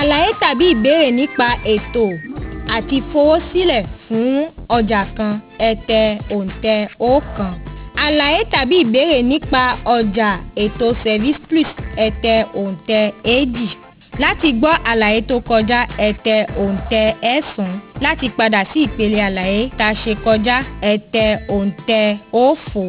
àlàyé tàbí ìbéèrè nípa ètò àti ìfowósílẹ̀ fún ọjà kan ẹ tẹ òǹtẹ̀ oókan. àlàyé tàbí ìbéèrè nípa ọjà ètò service plus ẹ tẹ òǹtẹ̀ èjì. láti gbọ́ àlàyé tó kọjá ẹ tẹ òǹtẹ̀ ẹ̀sán láti padà sí ìpele àlàyé tá a ṣe kọjá ẹ òǹtẹ̀ òfo.